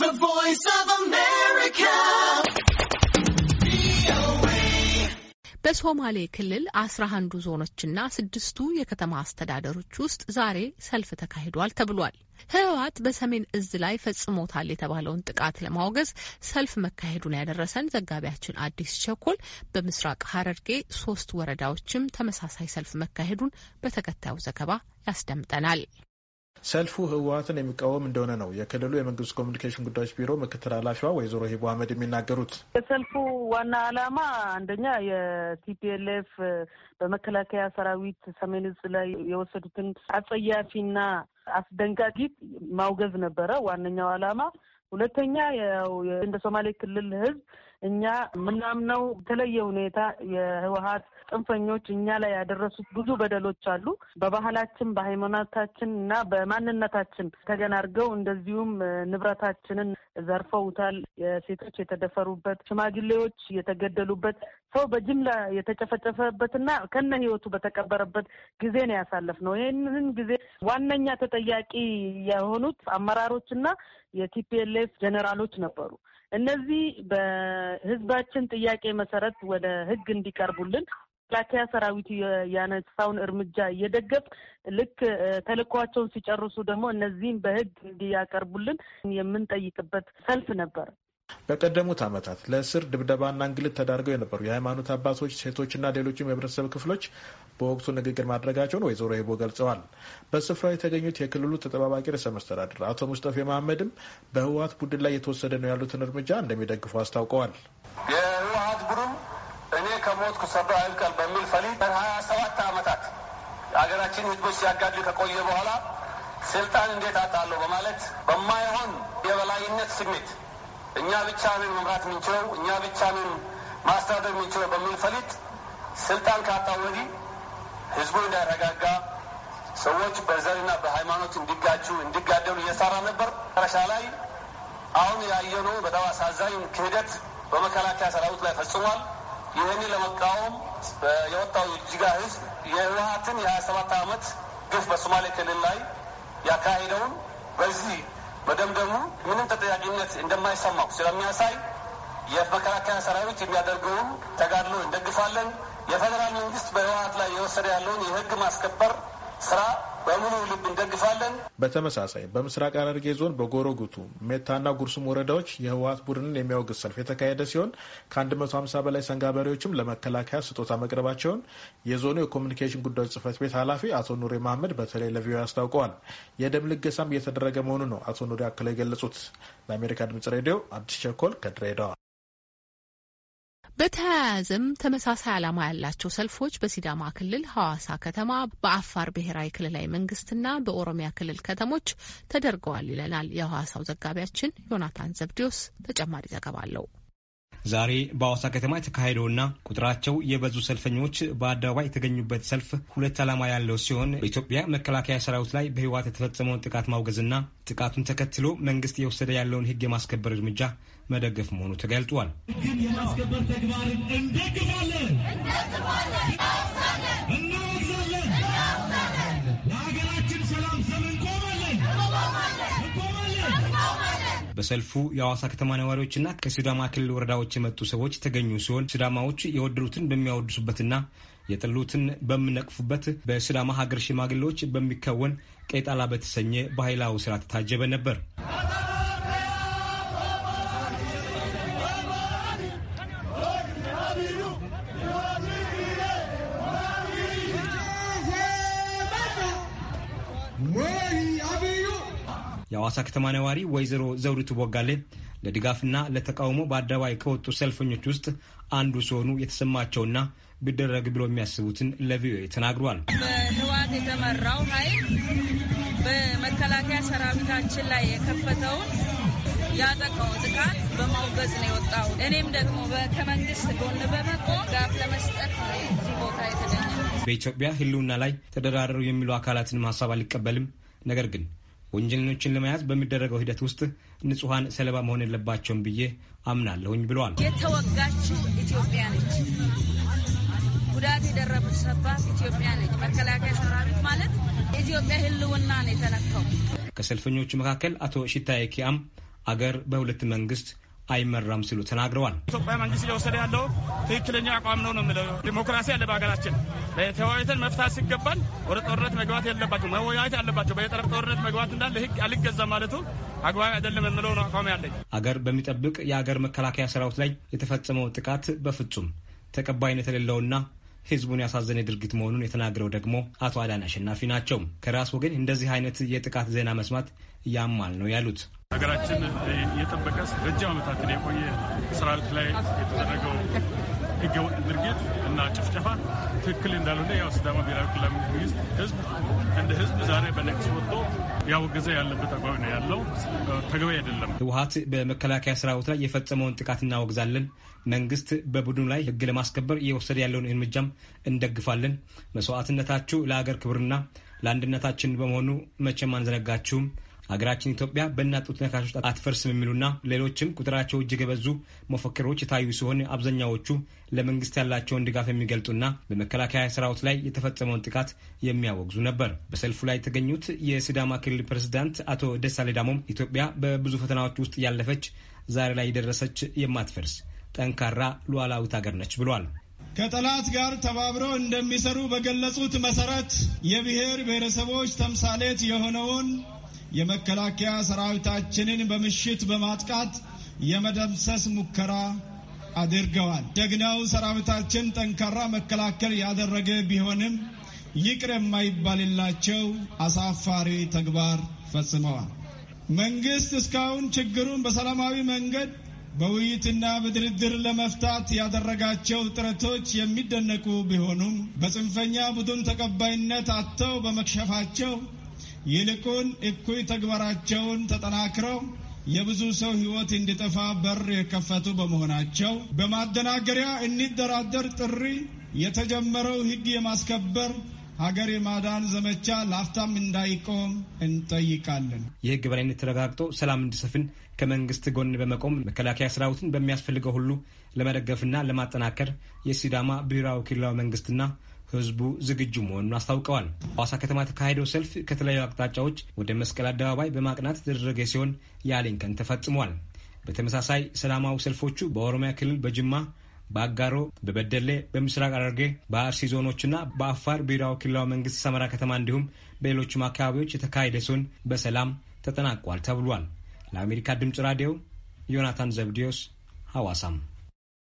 The Voice of America. በሶማሌ ክልል አስራ አንዱ ዞኖችና ስድስቱ የከተማ አስተዳደሮች ውስጥ ዛሬ ሰልፍ ተካሂዷል ተብሏል። ህወሓት በሰሜን እዝ ላይ ፈጽሞታል የተባለውን ጥቃት ለማውገዝ ሰልፍ መካሄዱን ያደረሰን ዘጋቢያችን አዲስ ቸኮል በምስራቅ ሐረርጌ ሶስት ወረዳዎችም ተመሳሳይ ሰልፍ መካሄዱን በተከታዩ ዘገባ ያስደምጠናል። ሰልፉ ህወሀትን የሚቃወም እንደሆነ ነው የክልሉ የመንግስት ኮሚኒኬሽን ጉዳዮች ቢሮ ምክትል ኃላፊዋ ወይዘሮ ሂቡ አህመድ የሚናገሩት። የሰልፉ ዋና ዓላማ አንደኛ የቲፒኤልኤፍ በመከላከያ ሰራዊት ሰሜን እዝ ላይ የወሰዱትን አጸያፊና አስደንጋጊ ማውገዝ ነበረ ዋነኛው ዓላማ። ሁለተኛ እንደ ሶማሌ ክልል ህዝብ እኛ የምናምነው የተለየ ሁኔታ የህወሀት ጽንፈኞች እኛ ላይ ያደረሱት ብዙ በደሎች አሉ። በባህላችን፣ በሃይማኖታችን እና በማንነታችን ተገናርገው እንደዚሁም ንብረታችንን ዘርፈውታል። የሴቶች የተደፈሩበት፣ ሽማግሌዎች የተገደሉበት፣ ሰው በጅምላ የተጨፈጨፈበትና ከነ ህይወቱ በተቀበረበት ጊዜ ነው ነው። ይህንን ጊዜ ዋነኛ ተጠያቂ የሆኑት አመራሮችና የቲፒኤልኤፍ ጀኔራሎች ነበሩ። እነዚህ በህዝባችን ጥያቄ መሰረት ወደ ህግ እንዲቀርቡልን መከላከያ ሰራዊቱ ያነሳውን እርምጃ እየደገፍ ልክ ተልኳቸውን ሲጨርሱ ደግሞ እነዚህም በህግ እንዲያቀርቡልን የምንጠይቅበት ሰልፍ ነበር። በቀደሙት ዓመታት ለእስር ድብደባና እንግልት ተዳርገው የነበሩ የሃይማኖት አባቶች፣ ሴቶችና ሌሎችም የህብረተሰብ ክፍሎች በወቅቱ ንግግር ማድረጋቸውን ወይዘሮ ሄቦ ገልጸዋል። በስፍራው የተገኙት የክልሉ ተጠባባቂ ርዕሰ መስተዳድር አቶ ሙስጠፌ መሐመድም በህወሀት ቡድን ላይ የተወሰደ ነው ያሉትን እርምጃ እንደሚደግፉ አስታውቀዋል። የህወሀት ቡድን እኔ ከሞትኩ ሰብራ አይብቀል በሚል ፈሊጥ ሀያ ሰባት ዓመታት የሀገራችን ህዝቦች ሲያጋድል ከቆየ በኋላ ስልጣን እንዴት አጣለሁ በማለት በማይሆን የበላይነት ስሜት እኛ ብቻ ነን መምራት የምንችለው እኛ ብቻ ነን ማስተዳደር የምንችለው ፈሊጥ ስልጣን ካጣ ወዲህ ህዝቡ እንዳይረጋጋ ሰዎች በዘርና በሃይማኖት እንዲጋጁ እንዲጋደሉ እየሰራ ነበር። መጨረሻ ላይ አሁን ያየነው በጣም አሳዛኝ ክህደት በመከላከያ ሰራዊት ላይ ፈጽሟል። ይህን ለመቃወም የወጣው የጅጋ ህዝብ የህወሀትን የሀያ ሰባት ዓመት ግፍ በሶማሌ ክልል ላይ ያካሄደውን በዚህ መደምደሙ ምንም ተጠያቂነት እንደማይሰማው ስለሚያሳይ የመከላከያ ሰራዊት የሚያደርገውን ተጋድሎ እንደግፋለን። የፌዴራል መንግስት በህወሀት ላይ የወሰደ ያለውን የህግ ማስከበር ስራ በሙሉ ልብ እንደግፋለን። በተመሳሳይ በምስራቅ ሐረርጌ ዞን በጎሮጉቱ ሜታና ጉርሱም ወረዳዎች የህወሀት ቡድንን የሚያወግዝ ሰልፍ የተካሄደ ሲሆን ከ150 በላይ ሰንጋበሬዎችም ለመከላከያ ስጦታ መቅረባቸውን የዞኑ የኮሚኒኬሽን ጉዳዮች ጽህፈት ቤት ኃላፊ አቶ ኑሬ ማህመድ በተለይ ለቪዮ አስታውቀዋል። የደም ልገሳም እየተደረገ መሆኑ ነው አቶ ኑሬ አክለው የገለጹት። ለአሜሪካ ድምጽ ሬዲዮ አዲስ ቸኮል ከድሬዳዋ በተያያዘም ተመሳሳይ ዓላማ ያላቸው ሰልፎች በሲዳማ ክልል ሐዋሳ ከተማ፣ በአፋር ብሔራዊ ክልላዊ መንግስትና በኦሮሚያ ክልል ከተሞች ተደርገዋል ይለናል የሐዋሳው ዘጋቢያችን ዮናታን ዘብዲዮስ ተጨማሪ ዘገባ አለው። ዛሬ በአዋሳ ከተማ የተካሄደውና ቁጥራቸው የበዙ ሰልፈኞች በአደባባይ የተገኙበት ሰልፍ ሁለት ዓላማ ያለው ሲሆን በኢትዮጵያ መከላከያ ሰራዊት ላይ በህወሓት የተፈጸመውን ጥቃት ማውገዝና ጥቃቱን ተከትሎ መንግስት የወሰደ ያለውን ህግ የማስከበር እርምጃ መደገፍ መሆኑ ተገልጧል። ህግን የማስከበር ተግባርን እንደግፋለን። በሰልፉ የአዋሳ ከተማ ነዋሪዎችና ከሲዳማ ክልል ወረዳዎች የመጡ ሰዎች የተገኙ ሲሆን ሲዳማዎች የወደዱትን በሚያወድሱበትና የጥሉትን በሚነቅፉበት በሲዳማ ሀገር ሽማግሌዎች በሚከወን ቀይጣላ በተሰኘ ባህላዊ ስርዓት ታጀበ ነበር። የአዋሳ ከተማ ነዋሪ ወይዘሮ ዘውዲቱ ቦጋሌ ለድጋፍና ለተቃውሞ በአደባባይ ከወጡ ሰልፈኞች ውስጥ አንዱ ሲሆኑ የተሰማቸውና ቢደረግ ብሎ የሚያስቡትን ለቪኦኤ ተናግሯል። በህወሓት የተመራው ኃይል በመከላከያ ሰራዊታችን ላይ የከፈተውን ያጠቃው ጥቃት በማውገዝ ነው የወጣው። እኔም ደግሞ ከመንግስት ጎን በመቆም ጋፍ ለመስጠት እዚህ ቦታ የተገኘ። በኢትዮጵያ ህልውና ላይ ተደራደሩ የሚሉ አካላትን ሀሳብ አልቀበልም ነገር ግን ወንጀለኞችን ለመያዝ በሚደረገው ሂደት ውስጥ ንጹሐን ሰለባ መሆን የለባቸውም ብዬ አምናለሁኝ ብለዋል። የተወጋችው ኢትዮጵያ ነች፣ ጉዳት የደረሰባት ኢትዮጵያ ነች። መከላከያ ሰራዊት ማለት የኢትዮጵያ ሕልውና ነው የተነካው። ከሰልፈኞቹ መካከል አቶ ሽታዬ ኪያም አገር በሁለት መንግስት አይመራም ሲሉ ተናግረዋል። ኢትዮጵያ መንግስት እየወሰደ ያለው ትክክለኛ አቋም ነው ነው የሚለው ዲሞክራሲ አለ በሀገራችን። ተወያይተን መፍታት ሲገባል ወደ ጦርነት መግባት የለባቸው መወያየት አለባቸው። በየጠረፍ ጦርነት መግባት እንዳለ ህግ አልገዛ ማለቱ አግባብ አይደለም የምለው ነው አቋም ያለኝ። አገር በሚጠብቅ የአገር መከላከያ ሰራዊት ላይ የተፈጸመው ጥቃት በፍጹም ተቀባይነት የሌለውና ህዝቡን ያሳዘነ ድርጊት መሆኑን የተናገረው ደግሞ አቶ አዳን አሸናፊ ናቸው። ከራስ ወገን እንደዚህ አይነት የጥቃት ዜና መስማት ያማል ነው ያሉት። ሀገራችን የጠበቀ ረጅም ዓመታትን የቆየ ሰራዊት ላይ የተደረገው ህገወጥ ድርጊት እና ጭፍጨፋ ትክክል እንዳልሆነ ያው ሲዳማ ብሔራዊ ክልላዊ መንግስት ህዝብ እንደ ህዝብ ዛሬ በነቅስ ወጥቶ ያወገዘ ያለበት አቋም ነው ያለው። ተገቢ አይደለም። ህወሀት በመከላከያ ሰራዊት ላይ የፈጸመውን ጥቃት እናወግዛለን። መንግስት በቡድኑ ላይ ህግ ለማስከበር እየወሰደ ያለውን እርምጃም እንደግፋለን። መስዋዕትነታችሁ ለሀገር ክብርና ለአንድነታችን በመሆኑ መቼም አንዘነጋችሁም። ሀገራችን ኢትዮጵያ በእናት ነካሾች አትፈርስም የሚሉና ሌሎችም ቁጥራቸው እጅግ የበዙ መፈክሮች የታዩ ሲሆን አብዛኛዎቹ ለመንግስት ያላቸውን ድጋፍ የሚገልጡና በመከላከያ ሰራዊት ላይ የተፈጸመውን ጥቃት የሚያወግዙ ነበር። በሰልፉ ላይ የተገኙት የሲዳማ ክልል ፕሬዝዳንት አቶ ደሳሌ ዳሞም ኢትዮጵያ በብዙ ፈተናዎች ውስጥ ያለፈች ዛሬ ላይ የደረሰች የማትፈርስ ጠንካራ ሉዓላዊት ሀገር ነች ብሏል። ከጠላት ጋር ተባብረው እንደሚሰሩ በገለጹት መሰረት የብሔር ብሔረሰቦች ተምሳሌት የሆነውን የመከላከያ ሰራዊታችንን በምሽት በማጥቃት የመደምሰስ ሙከራ አድርገዋል። ደግነው ሰራዊታችን ጠንካራ መከላከል ያደረገ ቢሆንም ይቅር የማይባልላቸው አሳፋሪ ተግባር ፈጽመዋል። መንግስት እስካሁን ችግሩን በሰላማዊ መንገድ በውይይትና በድርድር ለመፍታት ያደረጋቸው ጥረቶች የሚደነቁ ቢሆኑም በጽንፈኛ ቡድን ተቀባይነት አጥተው በመክሸፋቸው ይልቁን እኩይ ተግባራቸውን ተጠናክረው የብዙ ሰው ሕይወት እንዲጠፋ በር የከፈቱ በመሆናቸው በማደናገሪያ እንደራደር ጥሪ የተጀመረው ሕግ የማስከበር ሀገር የማዳን ዘመቻ ላፍታም እንዳይቆም እንጠይቃለን። የህግ በላይነት ተረጋግጦ ሰላም እንዲሰፍን ከመንግስት ጎን በመቆም መከላከያ ሰራዊትን በሚያስፈልገው ሁሉ ለመደገፍና ለማጠናከር የሲዳማ ብሔራዊ ክልላዊ መንግስትና ህዝቡ ዝግጁ መሆኑን አስታውቀዋል። ሐዋሳ ከተማ የተካሄደው ሰልፍ ከተለያዩ አቅጣጫዎች ወደ መስቀል አደባባይ በማቅናት የተደረገ ሲሆን የአሊን ተፈጽሟል። በተመሳሳይ ሰላማዊ ሰልፎቹ በኦሮሚያ ክልል በጅማ በአጋሮ፣ በበደሌ፣ በምስራቅ ሐረርጌ፣ በአርሲ ዞኖችና በአፋር ብሔራዊ ክልላዊ መንግስት ሰመራ ከተማ እንዲሁም በሌሎችም አካባቢዎች የተካሄደ ሲሆን በሰላም ተጠናቋል ተብሏል። ለአሜሪካ ድምፅ ራዲዮ ዮናታን ዘብዲዮስ ሐዋሳም